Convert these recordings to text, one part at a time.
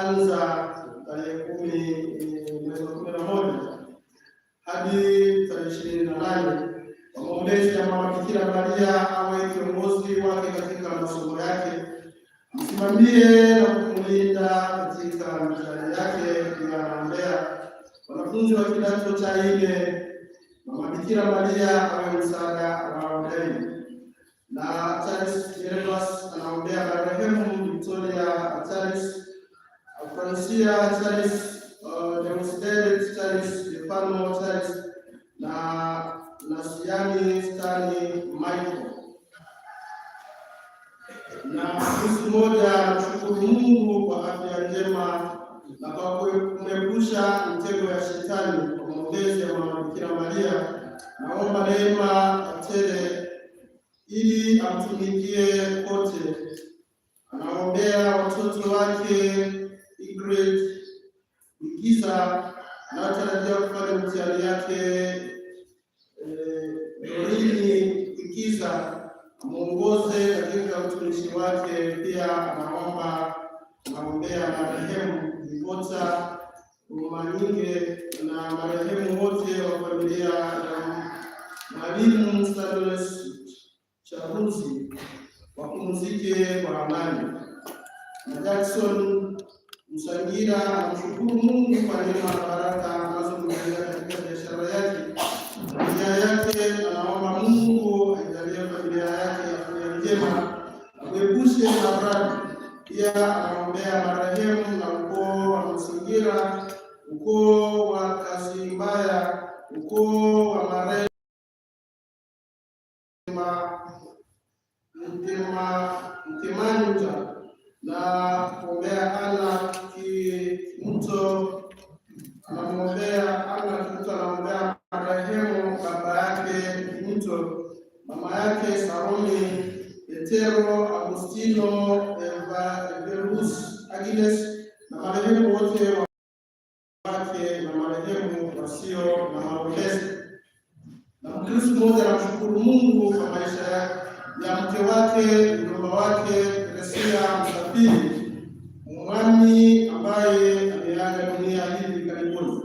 anza tarehe kumi mwezi wa kumi na moja hadi tarehe ishirini na nane kwa maombezi ya Mama Bikira Maria awe kiongozi wake katika masomo yake, msimamie na kumlinda katika mishale yake inayoendelea. Wanafunzi wa kidato cha nne, Mama Bikira Maria awe msaada wa na Charles Gervas anaombea marehemu Victoria Charles, Francia Charles, uh, Deusdedit Charles, Stefano Charles na Nasiani Stani Michael. Na siku moja, mshukuru Mungu kwa afya njema na kwa kumepusha mtego ya shetani kwa maombezi ya Mama Bikira Maria, naomba neema tele ili amtumikie kote. Anaombea watoto wake Ingrid ikiza anatarajia kufanya mtihani yake eh, Dorini ikiza amuongoze katika utumishi wake. Pia anaomba anaombea marehemu Ipota Rumanyinge na marehemu wote wa familia ya mwalimu Stanislaus Chaguzi wapumzike kwa amani. Na Jackson Msangira amshukuru Mungu kwa neema na baraka ambazo kujalia katika biashara yake familia yake. Anaomba Mungu aijalie familia yake afya njema na kuepushe maradhi. Pia anaombea marehemu na ukoo wa msingira ukoo wa Kasimbaya, ukoo wa marehemu Mkimanja na kuombea Ana Kimto, anamwombea Ana Kimto, anamwombea marehemu baba yake Kimto, mama yake Saroni, Yetero, Agustino, Verus, Agnes na marehemu wote wake na marehemu wasio na maombezi. Na Mkristo mmoja anamshukuru Mungu kwa maisha yake mke wake mjomba wake Theresia Msafiri, mwani ambaye ameaga dunia hivi karibuni.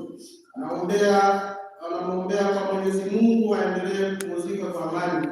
Anaombea, anamwombea kwa Mwenyezi Mungu aendelee kumuzika kwa amani.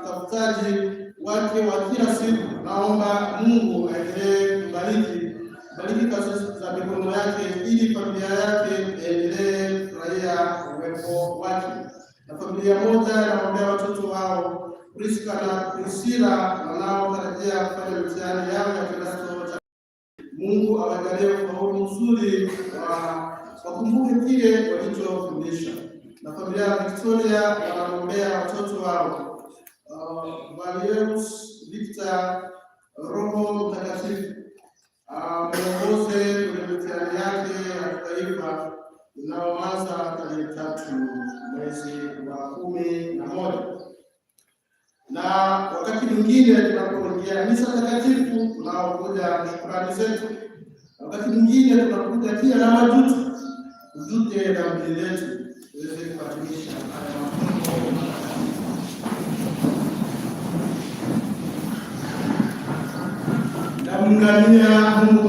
utafutaji wake wa kila siku. Naomba Mungu aendelee kubariki bariki kazi za mikono yake, ili familia yake endelee kufurahia uwepo wake. Na familia moja naombea watoto wao Priska na Prisila wanaotarajia kufanya mitihani yao ya kidato cha Mungu awajalie ufahamu mzuri wa wakumbuke kile walichofundisha na familia ya Victoria wanaombea watoto wao Valerius Victor Roho Mtakatifu ameongoze ah, kwenye mitihani yake ya kitaifa inayoanza tarehe tatu mwezi wa kumi na moja na wakati mwingine tunapoingia misa takatifu tunaokuja shukurani zetu, wakati mwingine tunakuja pia na majuto, tujute dhambi zetu tuweze kuwatumisha haya mafumbo kumng'ania Mungu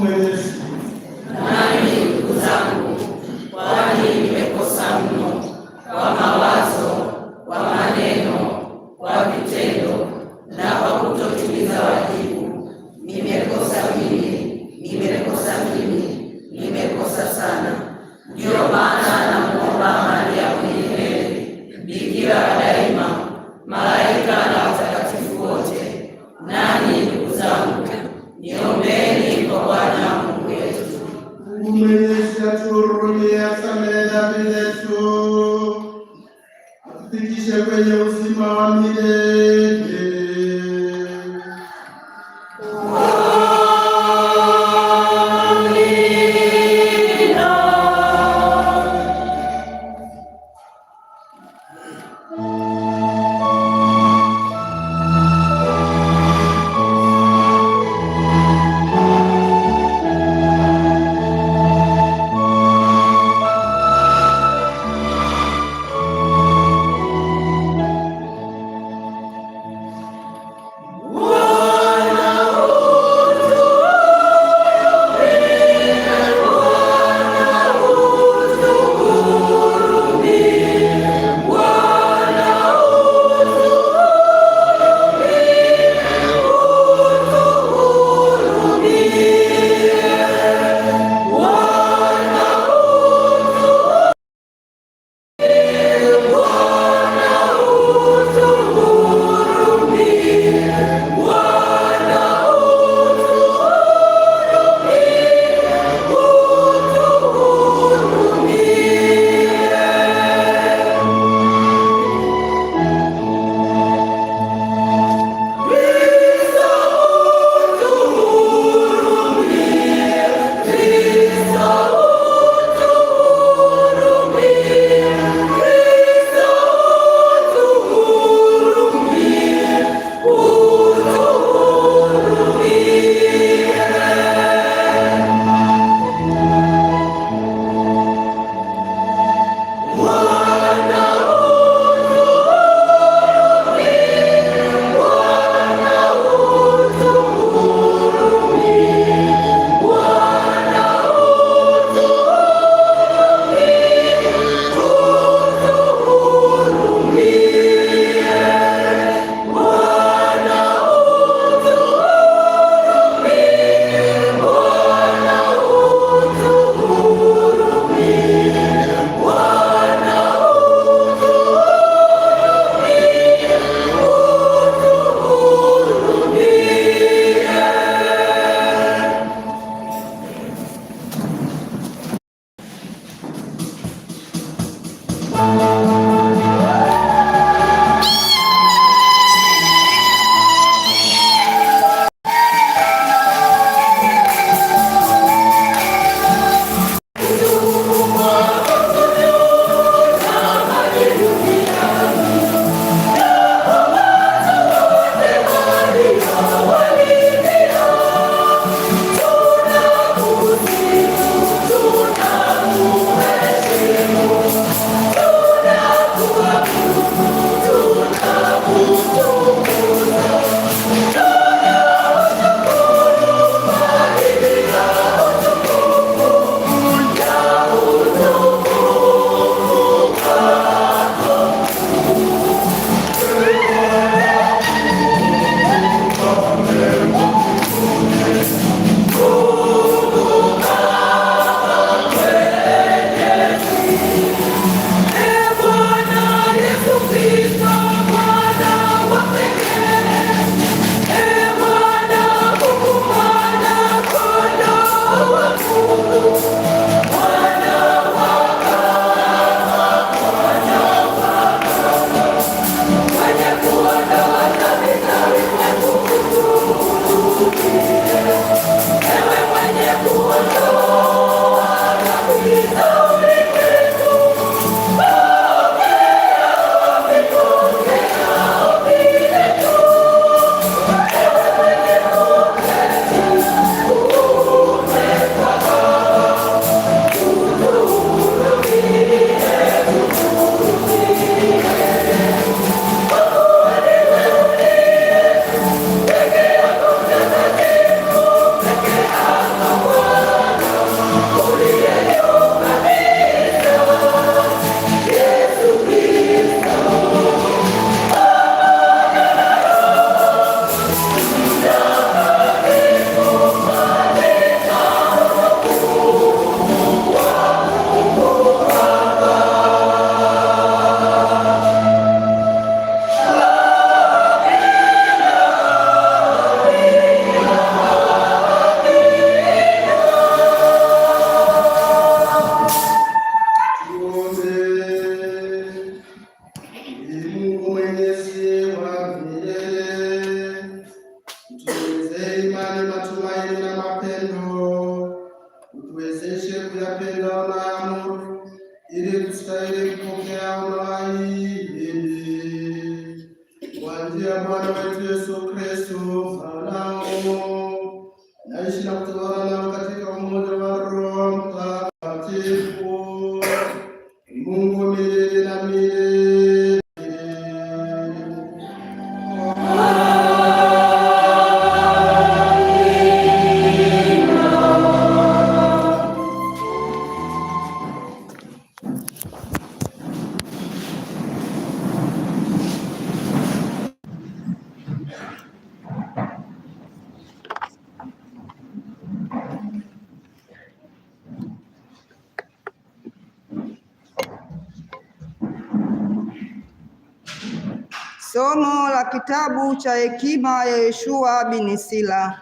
kitabu cha hekima ya Yeshua bin Sila.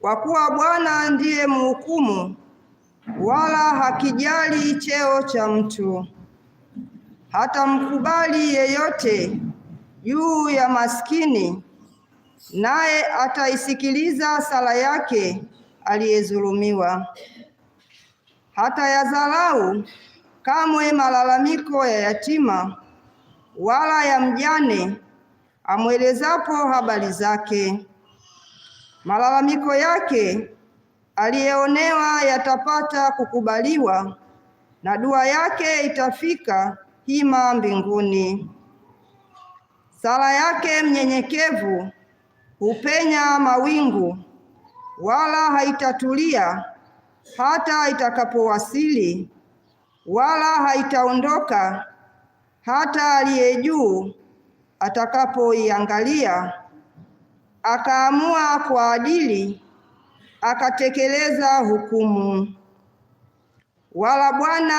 Kwa kuwa Bwana ndiye mhukumu, wala hakijali cheo cha mtu. hata mkubali yeyote juu ya maskini, naye ataisikiliza sala yake aliyezulumiwa ya Hatayadharau kamwe malalamiko ya yatima wala ya mjane amwelezapo habari zake. Malalamiko yake aliyeonewa yatapata kukubaliwa, na dua yake itafika hima mbinguni. Sala yake mnyenyekevu hupenya mawingu, wala haitatulia hata itakapowasili, wala haitaondoka hata aliye juu atakapoiangalia akaamua kwa adili, akatekeleza hukumu. Wala Bwana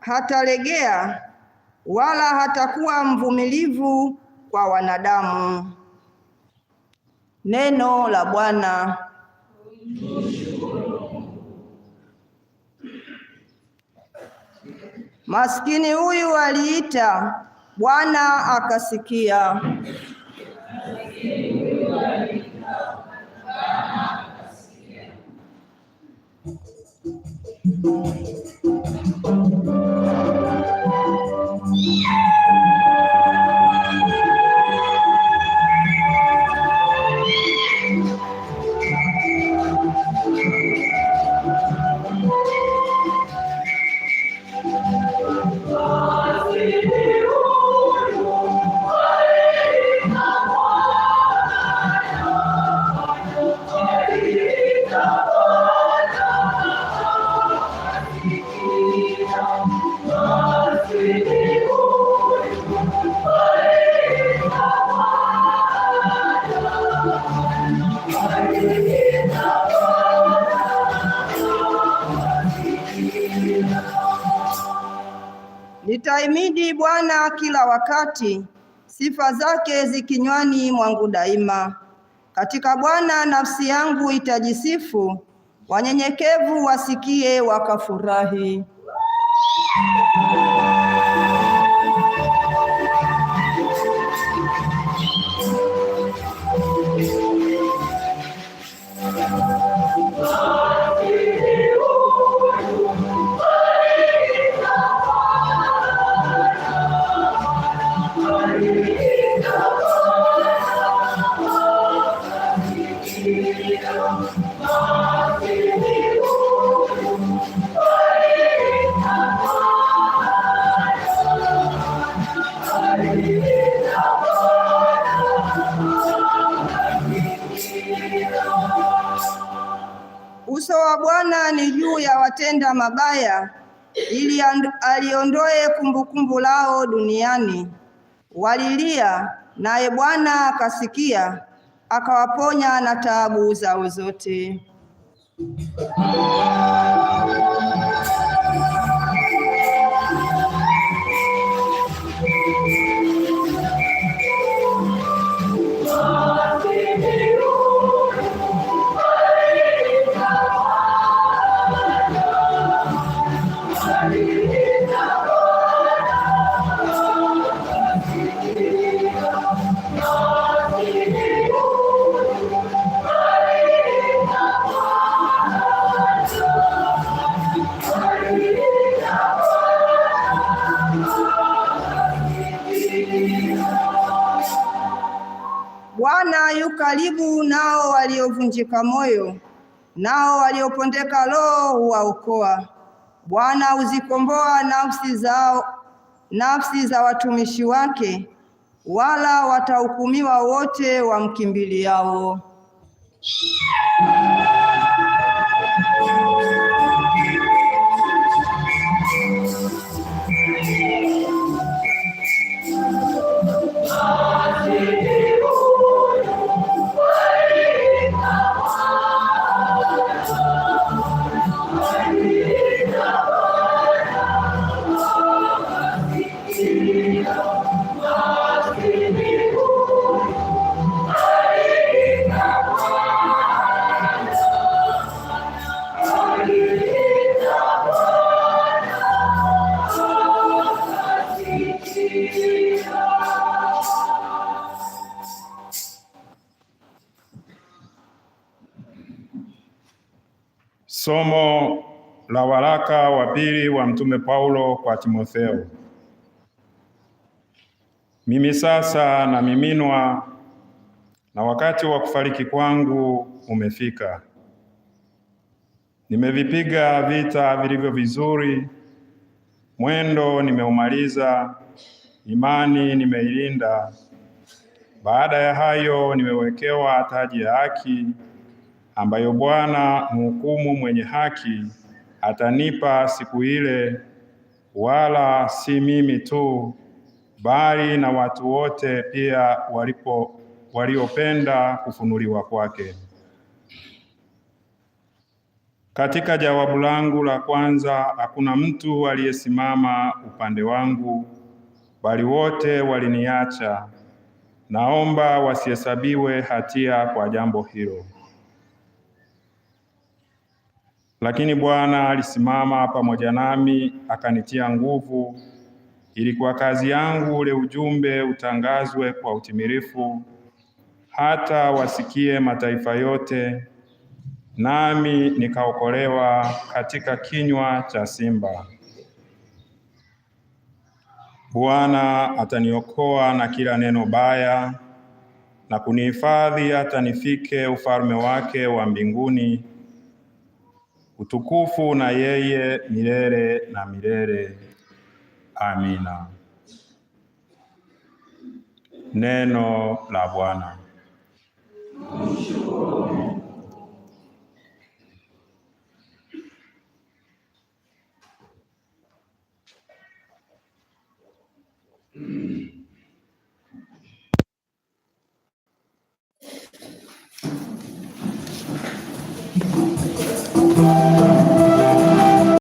hatalegea wala hatakuwa mvumilivu kwa wanadamu. Neno la Bwana. Maskini huyu aliita, Bwana akasikia. kila wakati, sifa zake zikinywani mwangu daima. Katika Bwana nafsi yangu itajisifu, wanyenyekevu wasikie wakafurahi. mabaya ili aliondoe kumbukumbu lao duniani. Walilia naye Bwana akasikia, akawaponya na taabu zao zote. karibu nao waliovunjika moyo, nao waliopondeka roho huwaokoa. Bwana huzikomboa nafsi zao, nafsi za watumishi wake, wala watahukumiwa wote wamkimbiliao. Mtume Paulo kwa Timotheo. Mimi sasa namiminwa na wakati wa kufariki kwangu umefika. Nimevipiga vita vilivyo vizuri, mwendo nimeumaliza, imani nimeilinda. Baada ya hayo nimewekewa taji ya haki ambayo Bwana mhukumu mwenye haki atanipa siku ile, wala si mimi tu, bali na watu wote pia walipo waliopenda kufunuliwa kwake. Katika jawabu langu la kwanza, hakuna mtu aliyesimama upande wangu, bali wote waliniacha. Naomba wasihesabiwe hatia kwa jambo hilo. Lakini Bwana alisimama pamoja nami akanitia nguvu, ili kwa kazi yangu ule ujumbe utangazwe kwa utimilifu, hata wasikie mataifa yote, nami nikaokolewa katika kinywa cha simba. Bwana ataniokoa na kila neno baya na kunihifadhi hata nifike ufalme wake wa mbinguni utukufu na yeye milele na milele. Amina. Neno la Bwana. Thank you.